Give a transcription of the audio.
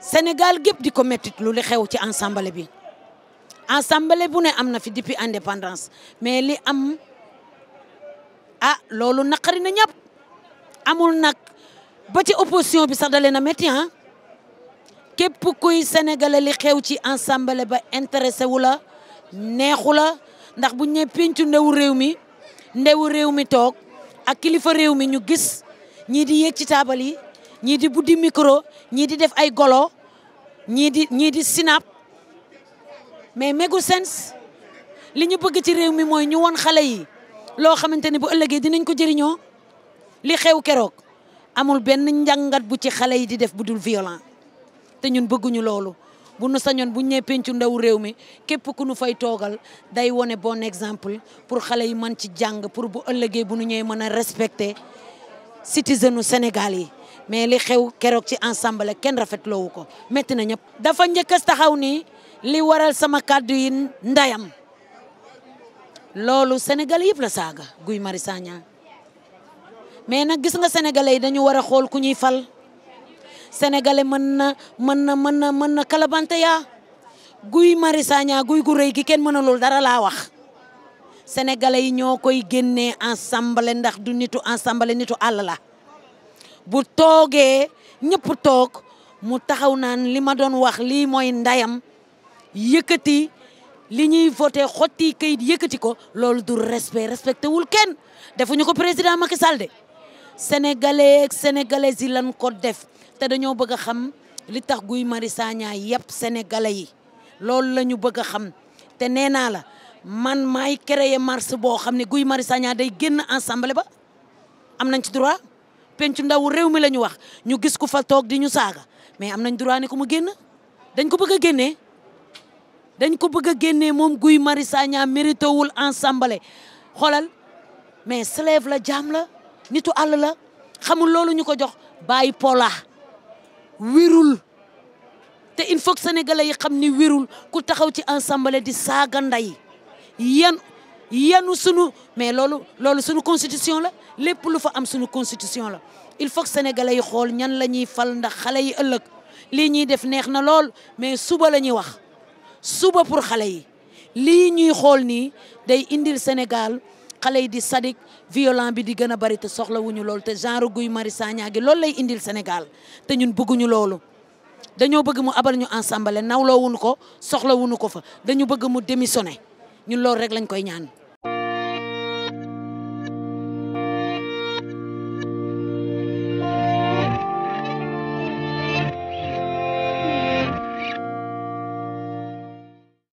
Sénégal gépp di ko méttit lu li xew ci ensemble bi ensemble bu ne am na fi depuis indépendance mais li am ah loolu naqari na ñëpp amul nag ba ci opposition bi sax dalee na métti ah képp kuy sénégalais li xew ci ensemble ba intéressé wu la neexu la ndax bu ñëwee pencu ndewu réew mi ndewu réew mi toog ak kilifa réew mi ñu gis ñii di yéeg ci taabal yi. ñii di buddi micro ñii di def ay golo ñii di ñii sinap mais mégul sens li ñu bëgg ci réew mi mooy ñu won xale yi loo xamante ni bu ëllëgee dinañ ko jëriñoo li xew keroog amul benn njàngat bu ci xale yi di def bu dul violent te ñun bëgguñu loolu bu nu sañoon buñ ñee pencu réew mi képp ku nu fay toogal day wone bon exemple pour xale yi mën ci jàng pour bu ëllëgee bu nu ñëwee mën a respecter citizens u Sénégal yi mais li xew keroog ci ensemble kenn rafetloowu ko métti na ñëpp. dafa njëkkas taxaw ni li waral sama kàddu yi ndayam loolu Sénégal yëpp la saaga Guy Marius Sagna mais nag gis nga sénégalais yi dañu war a xool ku ñuy fal sénégalais mën na mën na mën na mën na kalabante yaa Guy Marius Sagna guy gu rëy gi kenn mënalul dara laa wax. sénégalais yi ñoo koy génnee ensemble ndax du nitu ensemble nitu àll la. bu toogee ñëpp toog mu taxaw naan li ma doon wax lii mooy ndayam yëkkati li ñuy voté xotti kayit yëkkati ko loolu du respect respecté wul kenn defuñu ko président Macky Sall de sénégalais ak yi lan ko def te dañoo bëgg a xam li tax Guy Marius Sagna yëpp sénégalais yi loolu la ñu bëgg a xam te nee naa la man maay créer marche boo xam ne Guy Marius Sagna day génn assemblée ba am nañ ci droit pencu ndaw réew mi la ñu wax ñu gis ku fa toog di ñu saaga mais am nañ droit ku ko mu génn dañ ko bëgg a génnee dañ ko bëgg a génnee moom Guy Marius Sagna mérité wul ensemble xoolal mais slève la jaam la nitu àll la xamul loolu ñu ko jox bàyyi pola wirul te il faut que sénégalais yi xam ni wirul ku taxaw ci ensemble di saaga nday yan yanu sunu mais loolu loolu sunu constitution la lépp lu fa am sunu constitution la il faut que sénégalais yi xool ñan la ñuy fal ndax xale yi ëllëg lii ñuy def neex na lool mais suba la ñuy wax suba pour xale yi lii ñuy xool nii day indil Sénégal xale yi di sadik violent bi di gën a bari te soxlawuñu loolu te genre Guy Marius Sagna gi loolu lay indil Sénégal te ñun bëgguñu loolu dañoo bëgg mu abal ñu ensemble nawloo wuñu ko soxlawuñu ko fa dañu bëgg mu démissionner ñun loolu rek lañ koy ñaan